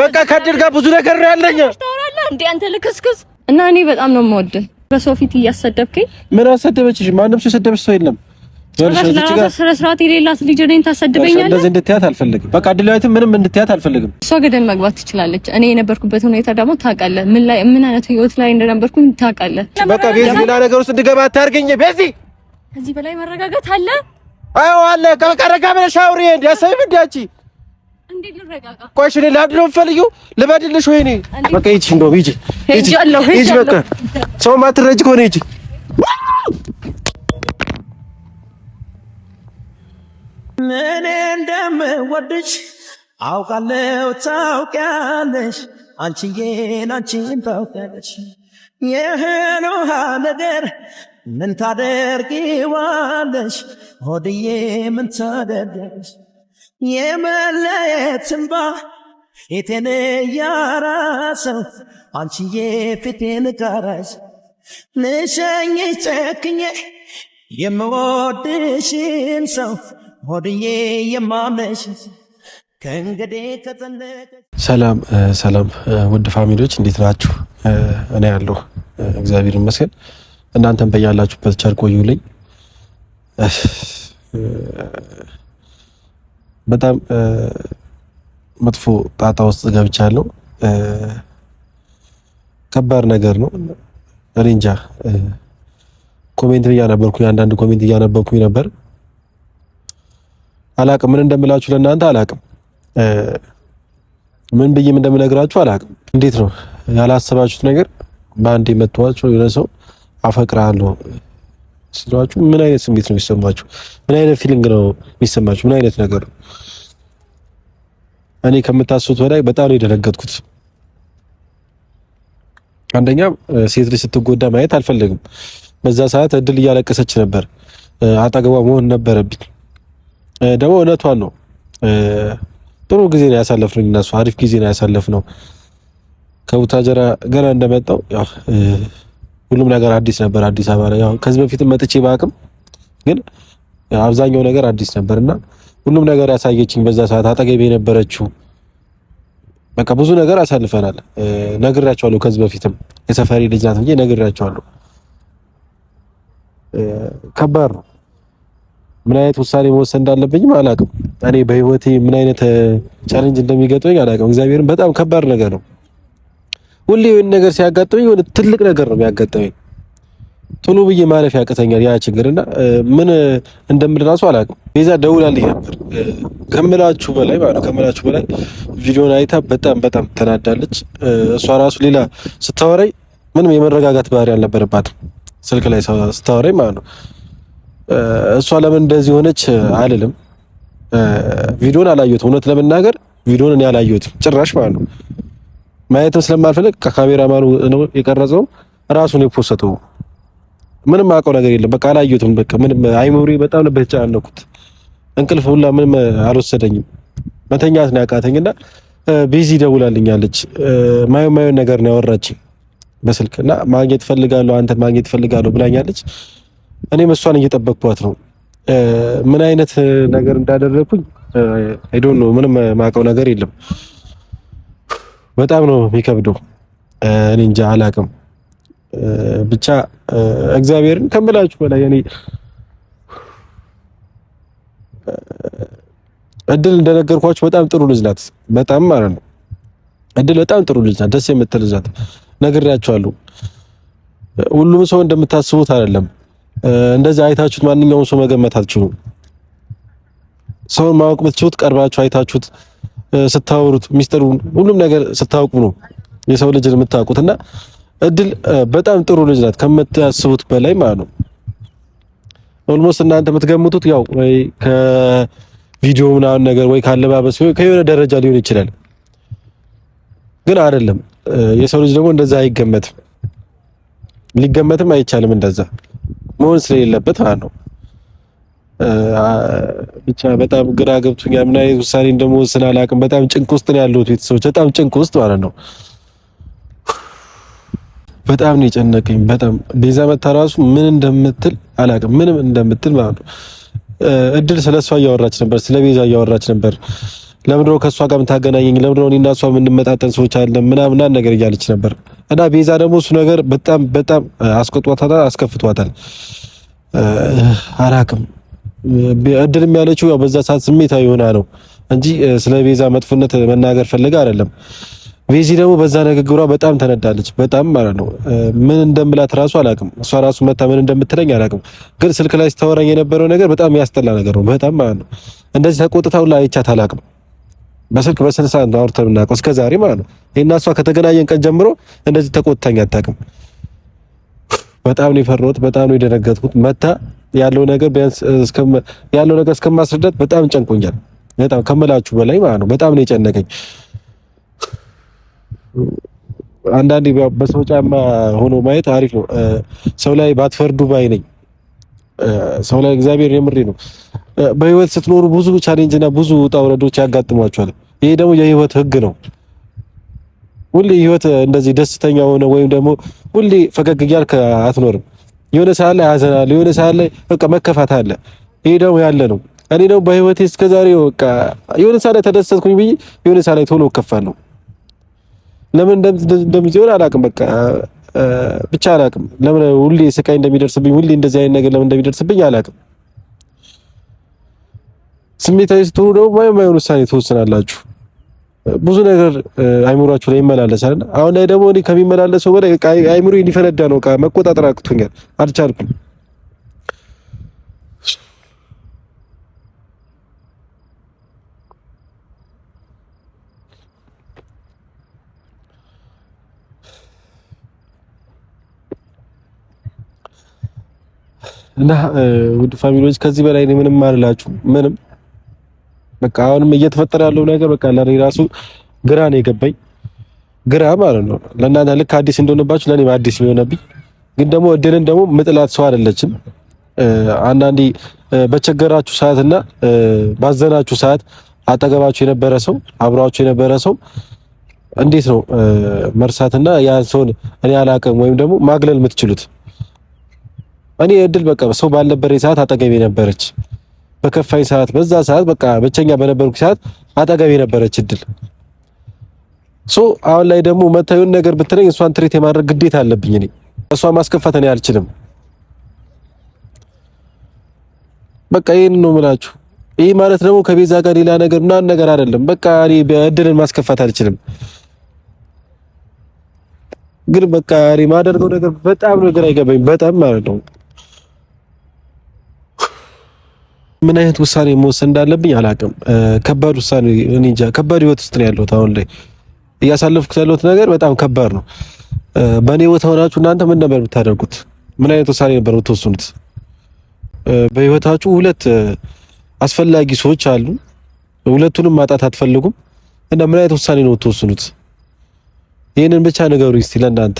በቃ ከድር ጋር ብዙ ነገር ነው ያለኝ። እንዴ አንተ ልክስክስ እና እኔ በጣም ነው የምወድህ። በሰው ፊት እያሰደብከኝ። ምን አሰደበችሽ? ማንም ሰው የሰደበች ሰው የለም። ስነ ስርዓት የሌላት ልጅ እኔን ታሰድበኛለህ። እንደዚህ እንድትያት አልፈልግም። በቃ አድላዊት ምንም እንድትያት አልፈልግም። እሷ ገደል መግባት ትችላለች። እኔ የነበርኩበት ሁኔታ ደግሞ ታውቃለህ። ምን ላይ ምን አይነት ህይወት ላይ እንደነበርኩኝ ታውቃለህ። በቃ ቤዚ ሌላ ነገር ውስጥ እንድገባ አታርገኝ። ቤዚ ከዚህ በላይ መረጋጋት አለ? አዎ አለ። በቃ ረጋ ብለሽ አውሪ። እንዲያሰብ እንዲያቺ ቆይሽ እኔ ላድሮ ፈልጊው ልበድልሽ ወይ እኔ በቃ ሂጂ፣ እንደውም ሂጂ፣ ሂጂ በቃ ሰው ማትረጅ ከሆነ ሂጂ። ምን እንደምወድሽ አውቃለሁ፣ ታውቂያለሽ፣ አንቺዬን አንቺን ታውቂያለሽ። የህል ውሃ ነገር ምን ታደርጊዋለሽ? ሆድዬ ምን ታደርጊያለሽ? የመለየት እንባ የቴን ያራሰው አንቺዬ ፊቴን ጋራሽ ልሸኝሽ ጨክኝ የምወድሽን ሰው ሆድዬ የማምነሽ ሰላም ሰላም፣ ውድ ፋሚሊዎች እንዴት ናችሁ? እኔ ያለሁ እግዚአብሔር ይመስገን፣ እናንተም በያላችሁበት ቸር ቆዩልኝ። በጣም መጥፎ ጣጣ ውስጥ ገብቻለሁ። ከባድ ነገር ነው። እኔ እንጃ። ኮሜንት እያነበርኩኝ አንዳንድ ኮሜንት እያነበርኩኝ ነበር። አላቅም ምን እንደምላችሁ ለእናንተ አላቅም፣ ምን ብዬም እንደምነግራችሁ አላቅም። እንዴት ነው ያላሰባችሁት ነገር በአንድ መጥቷችሁ የሆነ ሰው አፈቅራለሁ ስለዋችሁ ምን አይነት ስሜት ነው የሚሰማችሁ? ምን አይነት ፊሊንግ ነው የሚሰማችሁ? ምን አይነት ነገር ነው? እኔ ከምታስቡት በላይ በጣም ነው የደነገጥኩት። አንደኛ ሴት ልጅ ስትጎዳ ማየት አልፈለግም። በዛ ሰዓት እድል እያለቀሰች ነበር፣ አጠገቧ መሆን ነበረብኝ። ደግሞ እውነቷን ነው። ጥሩ ጊዜ ነው ያሳለፍነው፣ እኛ አሪፍ ጊዜ ነው ያሳለፍነው። ከቡታጀራ ገና እንደመጣው ያው ሁሉም ነገር አዲስ ነበር። አዲስ አበባ ላይ ያው ከዚህ በፊትም መጥቼ ባቅም ግን አብዛኛው ነገር አዲስ ነበርና ሁሉም ነገር ያሳየችኝ በዛ ሰዓት አጠገቤ የነበረችው በቃ ብዙ ነገር አሳልፈናል። ነግሬያቸዋለሁ። ከዚህ በፊትም የሰፈሪ ልጅ ናት ብዬ ነግሬያቸዋለሁ። ከባድ ነው። ምን አይነት ውሳኔ መወሰን እንዳለብኝም አላቅም? እኔ በህይወቴ ምን አይነት ቻሌንጅ እንደሚገጥመኝ አላውቅም። እግዚአብሔርን በጣም ከባድ ነገር ነው። ሁሌ የሆነ ነገር ሲያጋጥመኝ የሆነ ትልቅ ነገር ነው የሚያጋጥመኝ። ቶሎ ብዬ ማለፍ ያቅተኛል ያ ችግርና ምን እንደምል እራሱ አላውቅም። ቤዛ ደውላልኝ ነበር ከምላችሁ በላይ ማለት ነው ከምላችሁ በላይ ቪዲዮን አይታ በጣም በጣም ተናዳለች። እሷ ራሱ ሌላ ስታወራኝ ምንም የመረጋጋት ባህሪ አልነበረባትም ስልክ ላይ ስታወራኝ ማለት ነው። እሷ ለምን እንደዚህ ሆነች አልልም። ቪዲዮን አላየሁትም፣ እውነት ለመናገር ቪዲዮን እኔ አላየሁትም ጭራሽ ማለት ነው። ማየትም ስለማልፈልግ ማኑ ነው የቀረጸው ራሱ ነው የፖሰተው። ምንም አውቀው ነገር የለም። በቃ አላየሁትም። በቃ ምንም አይሞሪ በጣም ነበር የተጨናነኩት። እንቅልፍ ሁላ ምንም አልወሰደኝም። መተኛት ነው ያቃተኝና ቢዚ ደውላልኛለች። ማየ ማዩ ነገር ነው ያወራችኝ በስልክ እና ማግኘት ፈልጋለሁ አንተ ማግኘት ፈልጋለሁ ብላኛለች። እኔም እሷን እየጠበቅኳት ነው። ምን አይነት ነገር እንዳደረኩኝ አይ ዶንት ኖ ምንም ማውቀው ነገር የለም። በጣም ነው የሚከብደው። እኔ እንጃ አላቅም። ብቻ እግዚአብሔርን ከምላችሁ በላይ እኔ እድል እንደነገርኳችሁ በጣም ጥሩ ልጅ ናት። በጣም ማለት ነው እድል በጣም ጥሩ ልጅ ናት። ደስ የምትል ልጅ ናት። ነግሬያችኋለሁ። ሁሉም ሰው እንደምታስቡት አይደለም። እንደዚህ አይታችሁት ማንኛውም ሰው መገመት አትችሉም። ሰውን ማወቅ የምትችሉት ቀርባችሁ አይታችሁት ስታወሩት ሚስጥሩን ሁሉም ነገር ስታውቁ ነው የሰው ልጅ የምታውቁት። እና እድል በጣም ጥሩ ልጅ ናት ከምታስቡት በላይ ማለት ነው። ኦልሞስት እናንተ የምትገምቱት ያው ወይ ከቪዲዮ ምናምን ነገር ወይ ካለባበስ ወይ ከየሆነ ደረጃ ሊሆን ይችላል፣ ግን አይደለም። የሰው ልጅ ደግሞ እንደዛ አይገመትም፣ ሊገመትም አይቻልም እንደዛ መሆን ስለሌለበት ማለት ነው። ብቻ በጣም ግራ ገብቶኛል። ምን አይነት ውሳኔ እንደምወስን አላውቅም። በጣም ጭንቅ ውስጥ ነው ያለሁት ቤተሰቦች፣ በጣም ጭንቅ ውስጥ ማለት ነው። በጣም ነው የጨነቀኝ። በጣም ቤዛ መታ ራሱ ምን እንደምትል አላውቅም፣ ምንም እንደምትል ማለት ነው። እድል ስለ እሷ እያወራች ነበር፣ ስለ ቤዛ እያወራች ነበር። ለምድሮ ከእሷ ጋር የምታገናኘኝ? ለምንድነው እኔና እሷ የምንመጣጠን ሰዎች አለን? ምናምን ነገር እያለች ነበር። እና ቤዛ ደግሞ እሱ ነገር በጣም በጣም አስቆጥቷታል፣ አስከፍቷታል። አላውቅም እድልም ያለችው ያው በዛ ሰዓት ስሜታዊ ሆና ነው እንጂ ስለ ቤዛ መጥፎነት መናገር ፈልጋ አይደለም። ቤዚ ደግሞ በዛ ንግግሯ በጣም ተነዳለች። በጣም ማለት ነው። ምን እንደምላት ራሱ አላቅም። እሷ ራሱ መታ ምን እንደምትለኝ አላቅም። ግን ስልክ ላይ ስታወራኝ የነበረው ነገር በጣም ያስጠላ ነገር ነው። በጣም ማለት ነው። እንደዚህ ተቆጥታው ላይ አይቻት አላውቅም። በስልክ በስንት ነው አውርተን የምናውቀው? እስከ ዛሬ ማለት ነው። እና እሷ ከተገናኘን ቀን ጀምሮ እንደዚህ ተቆጥታኝ አታውቅም። በጣም ነው የፈራሁት። በጣም ነው የደነገጥኩት። መታ ያለው ነገር ቢያንስ ያለው ነገር እስከማስረዳት በጣም ጨንቆኛል። በጣም ከመላችሁ በላይ ማለት ነው። በጣም ነው የጨነቀኝ። አንዳንዴ በሰው ጫማ ሆኖ ማየት አሪፍ ነው። ሰው ላይ ባትፈርዱ ባይ ነኝ። ሰው ላይ እግዚአብሔር የምሬ ነው። በህይወት ስትኖሩ ብዙ ቻሌንጅ እና ብዙ ውጣ ውረዶች ያጋጥሟቸዋል። ይሄ ደግሞ የህይወት ህግ ነው። ሁሌ ህይወት እንደዚህ ደስተኛ ሆነ ወይም ደግሞ ሁሌ ፈገግ እያልክ አትኖርም። የሆነ ሰዓት ላይ ሀዘን አለ፣ የሆነ ሰዓት ላይ በቃ መከፋት አለ። ይሄ ደግሞ ያለ ነው። እኔ ደግሞ በህይወቴ እስከዛሬ በቃ የሆነ ሰዓት ላይ ተደሰትኩኝ ብዬ የሆነ ሰዓት ላይ ቶሎ እከፋለሁ። ለምን እንደዚህ ሆነ አላውቅም። በቃ ብቻ አላውቅም። ለምን ሁሌ ስቃይ እንደሚደርስብኝ ሁሌ እንደዚህ አይነት ነገር ለምን እንደሚደርስብኝ አላውቅም። ስሜታዊ ስትሆኑ ደግሞ ማይሆን ውሳኔ ትወስናላችሁ። ብዙ ነገር አይምሯቸው ላይ ይመላለሳል። አሁን ላይ ደግሞ እኔ ከሚመላለሰው በላይ አይምሮ ሊፈነዳ ነው። ቃ መቆጣጠር አቅቶኛል፣ አልቻልኩም። እና ውድ ፋሚሊዎች ከዚህ በላይ ምንም አልላችሁ ምንም በቃ አሁንም እየተፈጠረ ያለው ነገር በቃ ለኔ ራሱ ግራ ነው የገባኝ። ግራ ማለት ነው ለእናንተ ልክ አዲስ እንደሆነባችሁ ለኔ አዲስ ነው የሆነብኝ። ግን ደግሞ እድልን ደግሞ ምጥላት ሰው አይደለችም። አንዳንዴ በቸገራችሁ ሰዓትና ባዘናችሁ ሰዓት አጠገባችሁ የነበረ ሰው አብሯችሁ የነበረ ሰው እንዴት ነው መርሳትና ያን ሰውን እኔ አላቅም ወይም ደግሞ ማግለል የምትችሉት? እኔ እድል በቃ ሰው ባልነበረ ሰዓት አጠገቤ ነበረች። በከፋኝ ሰዓት፣ በዛ ሰዓት በቃ ብቸኛ በነበርኩ ሰዓት አጠገቤ ነበረች እድል። ሶ አሁን ላይ ደግሞ መታዩን ነገር ብትለኝ እሷን ትሬት የማድረግ ግዴታ አለብኝ እኔ እሷ ማስከፋት እኔ አልችልም። በቃ ይሄን ነው የምላችሁ። ይሄ ማለት ደግሞ ከቤዛ ጋር ሌላ ነገር ምናምን ነገር አይደለም። በቃ እኔ እድልን ማስከፋት አልችልም። ግን በቃ እኔ ማደርገው ነገር በጣም ነገር አይገባኝ በጣም ማለት ነው። ምን አይነት ውሳኔ መወሰን እንዳለብኝ አላውቅም። ከባድ ውሳኔ እኔ እንጃ። ከባድ ህይወት ውስጥ ነው ያለሁት። አሁን ላይ እያሳለፍኩት ያለሁት ነገር በጣም ከባድ ነው። በእኔ ቦታ ሆናችሁ እናንተ ምን ነበር የምታደርጉት? ምን አይነት ውሳኔ ነበር የምትወስኑት? በህይወታችሁ ሁለት አስፈላጊ ሰዎች አሉ። ሁለቱንም ማጣት አትፈልጉም እና ምን አይነት ውሳኔ ነው የምትወስኑት? ይህንን ብቻ ነገሩ እስቲ ለእናንተ።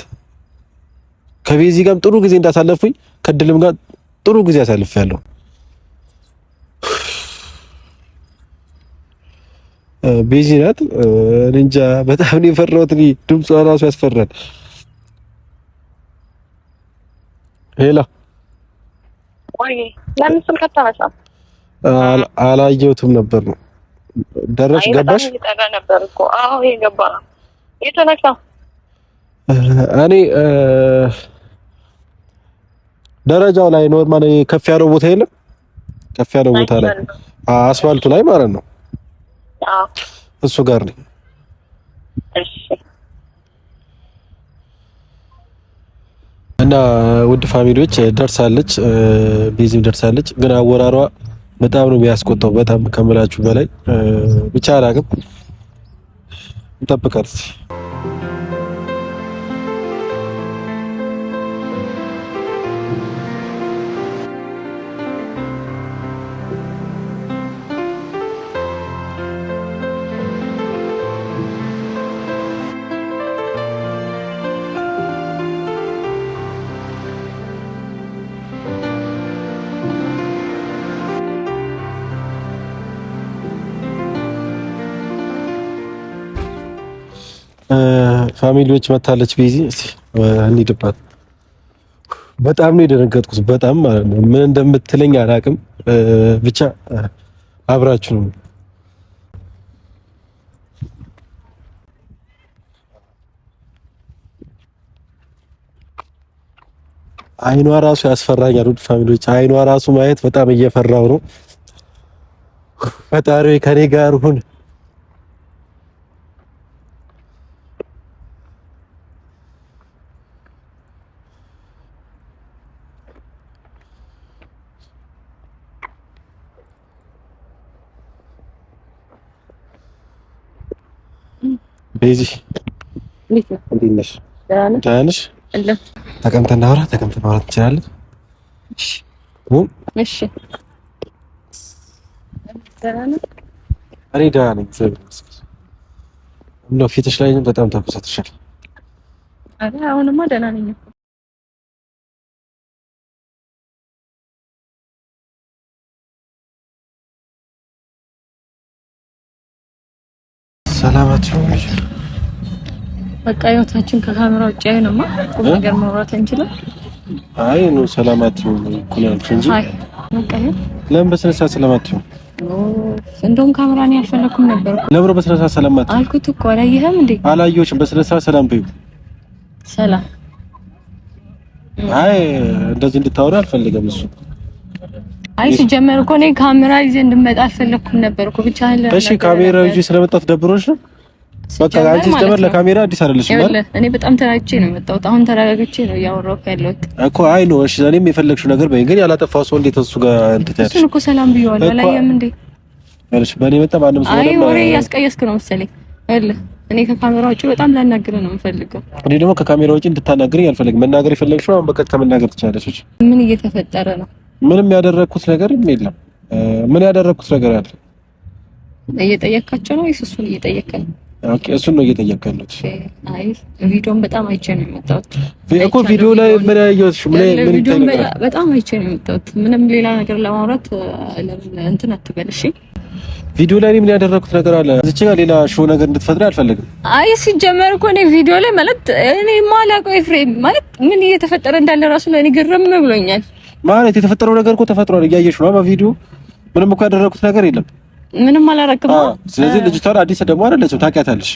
ከቤዚ ጋርም ጥሩ ጊዜ እንዳሳለፍኩኝ ከድልም ጋር ጥሩ ጊዜ አሳልፍ ያለው ቤዚ ናት። እንጃ በጣም ነው የፈራሁት። እኔ ድምጿ እራሱ ያስፈራል። ሄላ ወይ አላየሁትም ነበር ነው ደረሽ ገባሽ? እኔ ደረጃው ላይ ኖርማል ከፍ ያለው ቦታ የለም፣ ከፍ ያለው ቦታ ላይ አስፋልቱ ላይ ማለት ነው እሱ ጋር ነኝ። እና ውድ ፋሚሊዎች ደርሳለች፣ ቤዚም ደርሳለች። ግን አወራሯ በጣም ነው የሚያስቆጣው፣ በጣም ከምላችሁ በላይ ብቻ አላቅም። እንጠብቃት። ፋሚሊዎች መታለች። ቤዚ እንሂድባት። በጣም ነው የደነገጥኩት። በጣም ማለት ነው። ምን እንደምትለኝ አላቅም ብቻ አብራችሁ ነው አይኗ ራሱ ያስፈራኛል። ውድ ፋሚሊዎች አይኗ ራሱ ማየት በጣም እየፈራው ነው። ፈጣሪ ከኔ ጋር ሁን። ቤዚ እንዴት ነሽ? ደህና ነሽ? ተቀምጠን እናውራ። ተቀምጠን ማውራት እንችላለን። እሺ እኔ ደህና ነኝ። እንደው ፊትሽ ላይ በጣም ተኮሳትሻል። አረ አሁንማ ደህና ነኝ። ሰላማችሁ በቃ ህይወታችን ከካሜራ ውጭ አይሆንማ። ቁም ነገር ማውራት አንችልም። አይ ነው ሰላማት እኮ ነው ያልኩሽ እንጂ ለምን በስነ ስርዓት ሰላማት ነው። እንደውም ካሜራ ነው ያልፈለኩም ነበር እኮ ለብሮ በስነ ስርዓት ሰላማት አልኩት እኮ አላየህም እንዴ? አላየሁሽም። በስነ ስርዓት ሰላም በይው። ሰላም አይ እንደዚህ እንድታወሪ አልፈልገም እሱ አይ ሲጀመር እኮ እኔ ካሜራ ይዤ እንድመጣ አልፈለኩም ነበር እኮ ብቻ። እሺ ካሜራ ይዤ ስለመጣት ደብሮሽ ነው በቃ አንቺ ጀመር ለካሜራ አዲስ አይደለሽ ማለት እኔ በጣም ተናግቼ ነው የመጣሁት። አሁን ተረጋግቼ ነው እያወራሁት ያለሁት እኮ። አይ ነው እሺ፣ እኔም የፈለግሽው ነገር በይ፣ ግን ያላጠፋው ሰው እንዴት እሱ ጋር እንትን ትያለሽ? እሱን እኮ ሰላም ብየዋለሁ። አላየህም እንዴ? እሺ፣ በእኔ መጣ ባንም ሰው አይ፣ ወሬ ያስቀየስክ ነው መሰለኝ አይደል? እኔ ከካሜራ ውጪ በጣም ላናግርህ ነው የምፈልገው። እኔ ደግሞ ከካሜራ ውጪ እንድታናግረኝ አልፈልግም። መናገር የፈለግሽው አሁን በቀጥታ መናገር ትችላለሽ። ምን እየተፈጠረ ነው? ምንም ያደረኩት ነገር የለም። ምን ያደረኩት ነገር አለ? እየጠየካቸው ነው ወይስ እሱን እየጠየከ ነው? እሱን ነው እየጠየቅኩ ያለሁት። አይ ቪዲዮን በጣም አይቼ ነው የመጣሁት እኮ ቪዲዮ ላይ ምን ያየሁት ምን በጣም አይቼ ነው የመጣሁት። ምንም ሌላ ነገር ለማውራት እንትን አትበል እሺ። ቪዲዮ ላይ ምን ያደረኩት ነገር አለ እዚች ጋር ሌላ ሾው ነገር እንድትፈጥሪ አልፈልግም። አይ ሲጀመር እኮ እኔ ቪዲዮ ላይ ማለት እኔ የማላውቀው ኤፍሬም ማለት ምን እየተፈጠረ እንዳለ ራሱ ለእኔ ግርም ብሎኛል። ማለት የተፈጠረው ነገር እኮ ተፈጥሯል፣ እያየሽ ነው በቪዲዮ ምንም እኮ ያደረኩት ነገር የለም። ምንም አላረክም። ስለዚህ ልጅቷን አዲስ ደግሞ አይደለችም፣ ታውቂያታለሽ።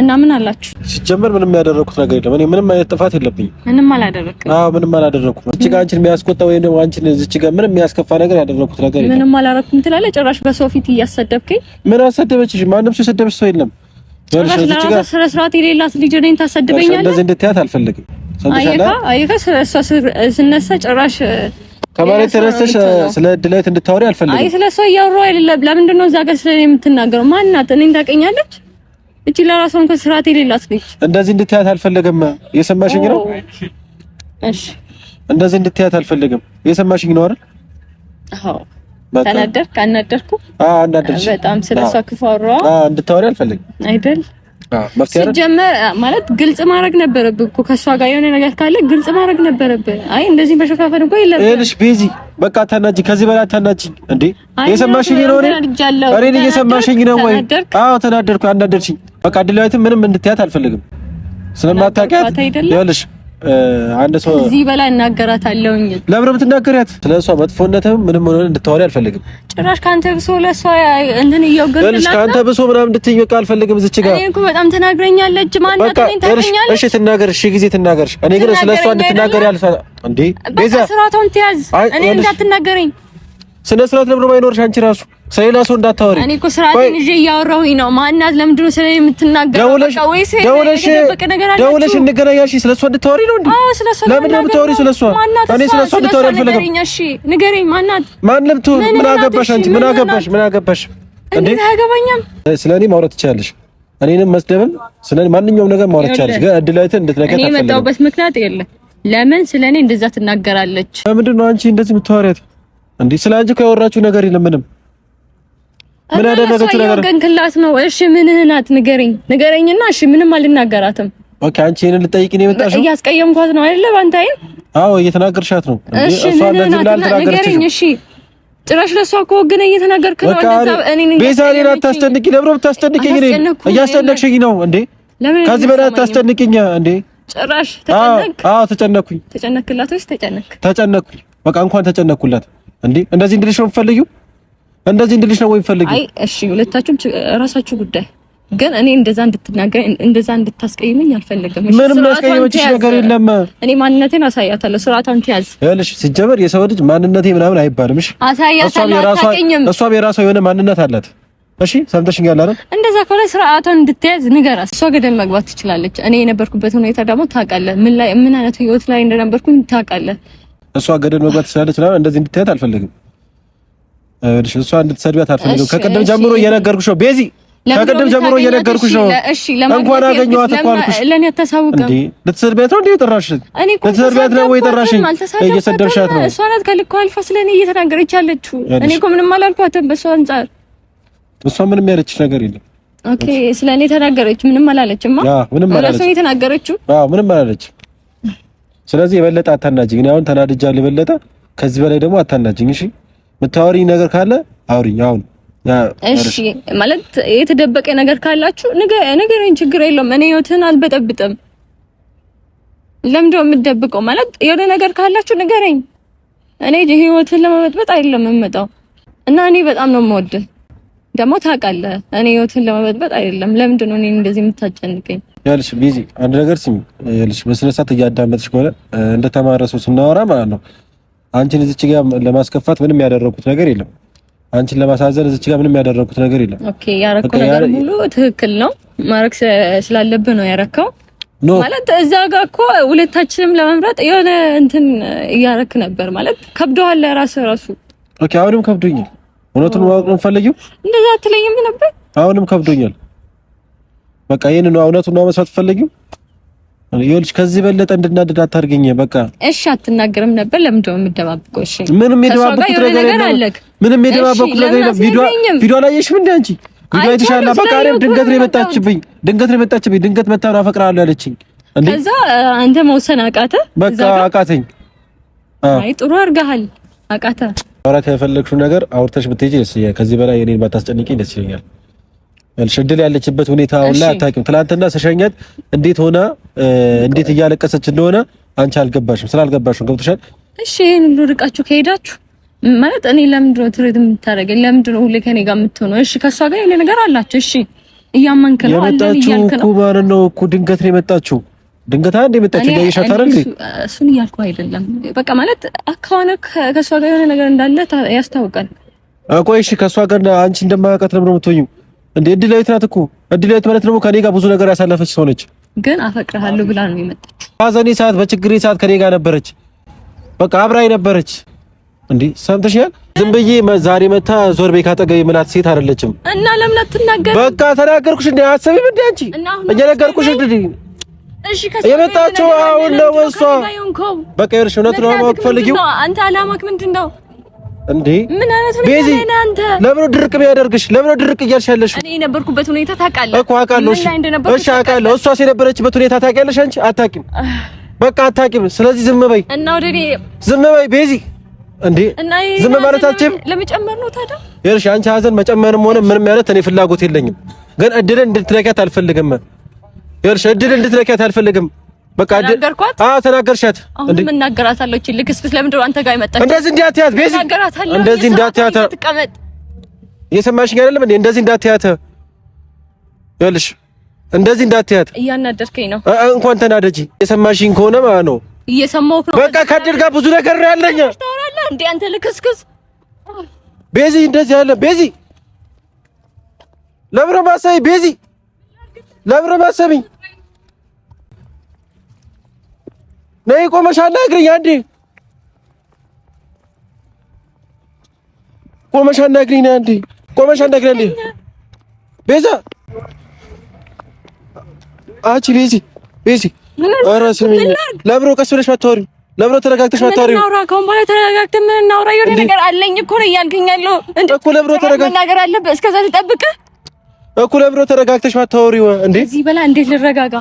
እና ምን አላችሁ? ሲጀመር ምንም ያደረኩት ነገር የለም። እኔ ምንም አይነት ጥፋት የለብኝም። ምንም አላደረኩም። አዎ ምንም አላደረኩም። እዚህ ጋር አንቺን የሚያስቆጣ ወይም ደግሞ አንቺን እዚህ ጋር ምንም የሚያስከፋ ነገር ያደረኩት ነገር የለም። ምንም አላረኩም ትላለህ። ጭራሽ በሰው ፊት እያሰደብከኝ። ምን አሰደበችሽ? ማንም ሰው የሰደበች ሰው የለም። ጭራሽ ለራሷ ስነ ስርዓት የሌላት ልጅ ነኝ ታሰድበኛለህ። እንደዚህ እንድትያት አልፈልግም። አየካ አየካ ስነሳ ጭራሽ ከመሬት ተነስተሽ ስለ ድለት እንድታወሪ አልፈልግም። አይ ስለ እሷ እያወራሁ አይደለም። ለምንድን ነው እዛ ጋር ስለ እኔ የምትናገረው? ማናት? እኔን ታውቀኛለች። እቺ ለራሷ እንኳን ስርዓት የሌላት ነች። እንደዚህ እንድትያት አልፈልግም። የሰማሽኝ ነው? እሺ እንደዚህ እንድትያት አልፈልግም። የሰማሽኝ ነው አይደል? አዎ ተናደድክ? አናደርኩ? አዎ አናደድሽ። በጣም ስለ እሷ ክፉ አወራሁ። አዎ እንድታወሪ አልፈልግም አይደል ሲጀመር ማለት ግልጽ ማድረግ ነበረብህ እኮ ከእሷ ጋር የሆነ ነገር ካለ ግልጽ ማድረግ ነበረብህ። አይ እንደዚህ በሸፋፈን እኮ የለም። ይኸውልሽ ቤዚ በቃ ተናጂ፣ ከዚህ በላይ ተናጂ እንዴ! እየሰማሽኝ ነው? እኔ እየሰማሽኝ ነው ወይ? አዎ ተናደድኩ፣ አናደድሽኝ። በቃ ድላዊትን ምንም እንድትያት አልፈልግም ስለማታውቂያት። ይኸውልሽ አንድ ሰው እዚህ በላይ እናገራታለሁኝ። ለምን የምትናገሪያት? ስለ እሷ መጥፎነትም ምንም ሆነ እንድታወሪ አልፈልግም። ጭራሽ ካንተ ብሶ ለሷ እንትን እየወገንላት ካንተ ብሶ ምናምን እንድትይ በቃ አልፈልግም። እዚህ ጋር እኔ እኮ በጣም ተናግረኛለች። ማን ነኝ ታገኛለች። እሺ ትናገር፣ እሺ ጊዜ ትናገር። እኔ ግን ስለ እሷ እንድትናገሪ አልፈ እንዴ ቤዛ ስራቷን ትያዝ። እኔ እንዳትናገረኝ ስነ ስርዓት ለምን አይኖርሽ አንቺ ራሱ ስለሌላ ሰው እንዳታወሪ። እኔ እኮ ስርዓቴን ይዤ እያወራሁኝ ነው። ማናት? ለምንድን ነው ስለኔ የምትናገረው? ደውለሽ ደውለሽ ደውለሽ እንገናኛሽ። ስለሷ እንድታወሪ ነው እንዴ? አዎ፣ ለምንድን ነው የምታወሪ ስለሷ? እኔ ስለሷ እንድታወሪ አልፈለግም። እሺ ንገረኝ፣ ማናት? ማን ለምቱ? ምን አገባሽ አንቺ? ምን አገባሽ? ምን አገባሽ እንዴ? አያገባኝም። ስለኔ ማውራት ትችያለሽ። እኔንም መስደብም ስለኔ ማንኛውም ነገር ማውራት ትችያለሽ። ግን እድላይትን እንድትነገር ታፈልኩ። እኔ የመጣሁበት ምክንያት የለም። ለምን ስለኔ እንደዛ ትናገራለች? ለምንድን ነው አንቺ እንደዚህ የምታወሪያት እንዴ? ስለ አንቺ እኮ ያወራችሁ ነገር የለም ምንም ምን አደረገችው ነገር ግን ገንክላት ነው? እሺ ምን ናት? ንገረኝ ንገረኝና፣ እሺ ምንም አልናገራትም። ኦኬ አንቺ እኔን ልጠይቅ ነው የመጣሽው? እያስቀየምኳት ነው አይደለ? ባንተ አይን? አዎ እየተናገርሻት ነው። እሺ ምን ናት? ንገረኝ። እሺ ጭራሽ ለሷ እኮ ግን እየተናገርክ ነው። እንደዛ እኔን ቤዛ እኔን አታስጨንቂ። ለምን ብታስጨንቂኝ? እኔን እያስጨነቅሽኝ ነው እንዴ? ከዚህ በላይ አታስጨንቂኝ እንዴ? ጭራሽ ተጨነቅ። አዎ ተጨነቅኩኝ። ተጨነቅላት ወይስ ተጨነቅ? ተጨነቅኩኝ። በቃ እንኳን ተጨነቅኩላት እንዴ። እንደዚህ እንድልሽ ነው የምትፈልጊው? እንደዚህ እንድልሽ ነው ወይ ፈልጊ። አይ እሺ፣ ሁለታችሁም ራሳችሁ ጉዳይ ግን እኔ እንደዛ እንድትናገር እንደዛ እንድታስቀይመኝ አልፈልግም። ምንም ላስቀይመችሽ ነገር የለም። እኔ ማንነቴን አሳያታለሁ። ስርዓቷን ትያዝ እልሽ። ሲጀመር የሰው ልጅ ማንነቴ ምናምን አይባልም። እሺ፣ አሳያታለሁ። አታውቅኝም። እሷም የራሷ የሆነ ማንነት አላት። እሺ፣ ሰምተሽኛል አይደል? እንደዛ ከሆነ ስርዓቷን እንድትያዝ ንገራት። እሷ ገደል መግባት ትችላለች። እኔ የነበርኩበት ሁኔታ ደግሞ ታውቃለህ። ምን ላይ ምን አይነት ህይወት ላይ እንደነበርኩኝ ታውቃለህ። እሷ ገደል መግባት ትችላለች። እንደዚህ እንድትያዝ አልፈልግም። እሷ እንድትሰድቢያት አልፈልግም። ከቀደም ጀምሮ እየነገርኩሽ ነው ቤዚ፣ ከቀደም ጀምሮ እየነገርኩሽ ነው። እሺ፣ እንኳን አገኘኋት እኮ አልኩሽ። ለኔ አታሳውቅም እንዴ? ልትሰድቢያት ነው እንዴ የጠራሽኝ? ልትሰድቢያት ነው ወይ የጠራሽኝ? እየሰደብሻት ነው። እሷ ናት ከልክ አልፋ ስለኔ እየተናገረች ያለችው። እኔ እኮ ምንም አላልኳትም። በእሷ አንጻር እሷ ምንም ያለችሽ ነገር የለም። ኦኬ፣ ስለኔ ተናገረች። ምንም አላለችማ። አዎ፣ ምንም አላለችም። እራሷ የተናገረችው። አዎ፣ ምንም አላለችም። ስለዚህ የበለጠ አታናጅኝ። እኔ አሁን ተናድጃለሁ። የበለጠ ከዚህ በላይ ደግሞ አታናጅኝ። እሺ ምታወሪ ነገር ካለ አውሪኝ አሁን። እሺ ማለት የተደበቀ ነገር ካላችሁ ንገረኝ፣ ችግር የለውም። እኔ ህይወትህን አልበጠብጥም። ለምንድነው የምትደብቀው? ማለት የሆነ ነገር ካላችሁ ንገረኝ። እኔ ህይወትህን ለመበጥበጥ አይደለም የምመጣው እና እኔ በጣም ነው የምወድህ ደግሞ ታውቃለህ። እኔ ህይወትህን ለመበጥበጥ አይደለም። ለምንድን ነው እኔ እንደዚህ የምታጨንቀኝ? ያልሽ ቢዚ አንድ ነገር ስሚ፣ ያልሽ በስነ ስርዓት እያዳመጥሽ ከሆነ እንደተማረሰው ስናወራ ማለት ነው አንቺን እዚች ጋር ለማስከፋት ምንም ያደረኩት ነገር የለም። አንቺን ለማሳዘን እዚች ጋር ምንም ያደረኩት ነገር የለም። ኦኬ፣ ያረከው ነገር ሁሉ ትክክል ነው። ማረክ ስላለብህ ነው ያረከው። ማለት እዛ ጋር እኮ ሁለታችንም ለመምረጥ የሆነ እንትን እያረክ ነበር ማለት ከብደዋል። ራስህ ራሱ ኦኬ። አሁንም ከብዶኛል። እውነቱን ማወቅ ነው የምፈልጊው። እንደዛ አትለኝም ነበር። አሁንም ከብዶኛል። በቃ ይሄን ነው እውነቱን ነው መስራት ፈልጊው ይኸውልሽ ከዚህ በለጠ እንድናደድ አታድርገኝ። በቃ እሺ፣ አትናገርም ነበር። ለምንድን ነው የምደባብቀው? እሺ፣ ምንም የደባበኩት ነገር አለ። ምንም የደባበኩት ነገር የለም። ቪዲዮ ቪዲዮ አላየሽም? እንደ አንቺ ቪዲዮ አይተሻል። በቃ ድንገት ነው የመጣችብኝ። ድንገት ነው የመጣችብኝ። ድንገት መታ ነው አፈቅርሃለሁ ያለችኝ። ከዛ አንተ መውሰን አቃተ። በቃ አቃተኝ። አይ ጥሩ አድርገሃል። አቃተ። አውራ ከፈለግሽው ነገር አውርተሽ ብትሄጂ ደስ ይለኛል። ከዚህ በላይ የኔን ባታስጨንቂኝ ደስ ይለኛል። እድል ያለችበት ሁኔታ አሁን ላይ አታውቂም። ትናንትና ስሸኛት እንዴት ሆነ እንዴት እያለቀሰች እንደሆነ አንቺ አልገባሽም፣ ስላልገባሽም ገብቶሻል። እሺ ይሄን ሁሉ ርቃችሁ ከሄዳችሁ ማለት እኔ ለምንድን ነው ትሬት የምታደርገኝ? ለምንድን ነው ሁሌ ከኔ ጋር የምትሆነው? እሺ ከሷ ጋር የሌለ ነገር አላችሁ። እሺ እያመንክ ነው አለን እያልክ ነው ማለት ነው እኮ ድንገት ነው የመጣችሁ ድንገት አንድ የመጣችሁ ያየሻት አይደል? እሱን እያልኩ አይደለም። በቃ ማለት ከሆነ ከሷ ጋር የሆነ ነገር እንዳለ ያስታውቃል። ቆይ እሺ ከሷ ጋር አንቺ እንደማያውቃት ለምን ነው የምትሆኚው? እንዴ እድላዊት ናት እኮ እድላዊት ማለት ደግሞ ከኔ ጋር ብዙ ነገር ያሳለፈች ሰው ነች። ግን አፈቅርሃለሁ ብላ ነው የመጣችው። ሐዘኔ ሰዓት በችግሬ ሰዓት ከኔ ጋር ነበረች። በቃ አብራኝ ነበረች። እንዴ ሰምተሻል? ዝም ብዬ ዛሬ መታ ዞር ቤት ካጠገቤ ምላት ሴት አይደለችም። እና ለምን አትናገር? በቃ ተናገርኩሽ። እንዴ አሰብም እንዴ አንቺ እየነገርኩሽ እንዴ የመጣችው አሁን ነው እሷ። በቃ ይኸውልሽ እውነት ነው ማወቅ አንተ አላማክ ምንድን ነው? እንዴ ምን አይነት ሁኔታ ላይ ነህ አንተ? ለምን ድርቅ ቢያደርግሽ ለምን ድርቅ እያልሽ ያለሽ? እኔ የነበርኩበት ሁኔታ ታውቃለህ እኮ አውቃለሁ። እሺ አውቃለሁ። እሷስ የነበረችበት ሁኔታ ታውቂያለሽ አንቺ? አታውቂም። በቃ አታውቂም። ስለዚህ ዝም በይ እና ወደ እኔ ዝም በይ ቤዚ። እንዴ ዝም ማለት አልችልም። ለመጨመር ነው ታዲያ ይኸውልሽ፣ አንቺ ሀዘን መጨመርም ሆነ ምንም ማለት እኔ ፍላጎት የለኝም፣ ግን እድል እንድትነኪያት አልፈልግም። ይኸውልሽ እድል እንድትነኪያት አልፈልግም። በቃ ተናገርኳት። አዎ ተናገርሻት። አሁንም እንደዚህ እንዳትያት እንደዚህ እንዳትያት እያናደርከኝ ነው። እንኳን ተናደጂ። እየሰማሽኝ ከሆነ ማለት ነው። እየሰማሁህ ነው። በቃ ካደርጋ ብዙ ነገር ነው ያለኝ። ታወራለህ እንዴ አንተ ልክስክስ። ቤዚ እንደዚህ አለ። ቤዚ ለምን ነው ቤዚ ለምን ነው ነይ ቆመሽ አናግሪኝ። አንዴ ቆመሽ አናግሪኝ። ነይ አንዴ ቆመሽ አናግሪኝ። አንዴ ቤዛ፣ አንቺ ቤዚ፣ ቤዚ፣ ኧረ ስሚ፣ ለብሮ ቀስ ብለሽ ማታወሪ፣ ለብሮ ተረጋግተሽ ማታወሪ። ምን እናውራ? ከአሁን በኋላ ተረጋግተን ምን እናውራ? የሆነ ነገር አለኝ እኮ ነው እያልከኝ ያለው እኮ። ለብሮ ተረጋግተሽ ነገር አለ እስከዛ ተጠብቀ እኮ። ለብሮ ተረጋግተሽ ማታወሪ እንዴ። እዚህ በላ እንዴት ልረጋጋ?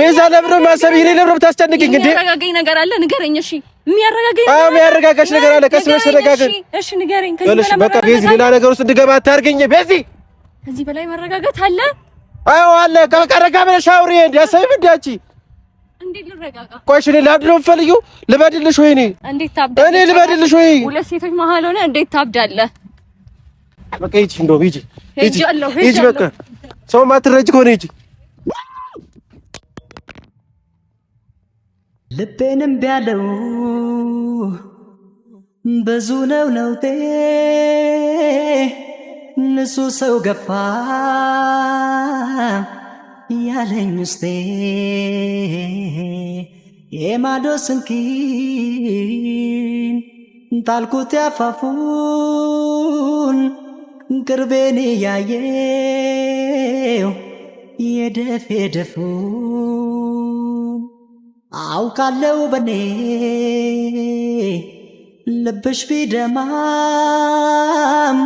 ቤዛ ለብሮ ማሰብ ይሄኔ ለብሮ ብታስጨንቅኝ እንዴ? የሚያረጋጋኝ ነገር አለ ንገረኝ። እሺ፣ የሚያረጋጋኝ የሚያረጋጋሽ ነገር አለ። ቀስ ብለሽ ተረጋጋኝ። እሺ፣ ንገረኝ። በቃ ቤዚ፣ ሌላ ነገር ውስጥ እንድገባ አታርገኝ። ቤዚ፣ ከዚህ በላይ መረጋጋት አለ? አዎ፣ አለ። በቃ ረጋ ብለሽ አውሪ። እንዴ አሰብ እንዴ እንዴት ልረጋጋ? ቆይ እሺ፣ እኔ ላድሮ የምፈልጊው ልበድልሽ ወይ? እኔ እንዴት ታብዳለህ? እኔ ልበድልሽ ወይ? ሁለት ሴቶች መሀል ሆነ እንዴት ታብዳለህ? በቃ ሂጂ፣ እንደውም ሂጂ፣ ሂጂ፣ ሂጂ። በቃ ሰው ማትረጅ ከሆነ ሂጂ ልቤንም ቢያለው ብዙ ነው ነውቴ ንሱ ሰው ገፋ ያለኝ ውስጤ የማዶ ስንኪን ጣልኩት ያፋፉን ቅርቤን እያየው የደፌ ደፉ አውቃለው በኔ ልብሽ ቢደማም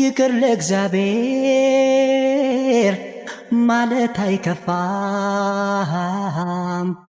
ይቅር ለእግዚአብሔር ማለት አይከፋም።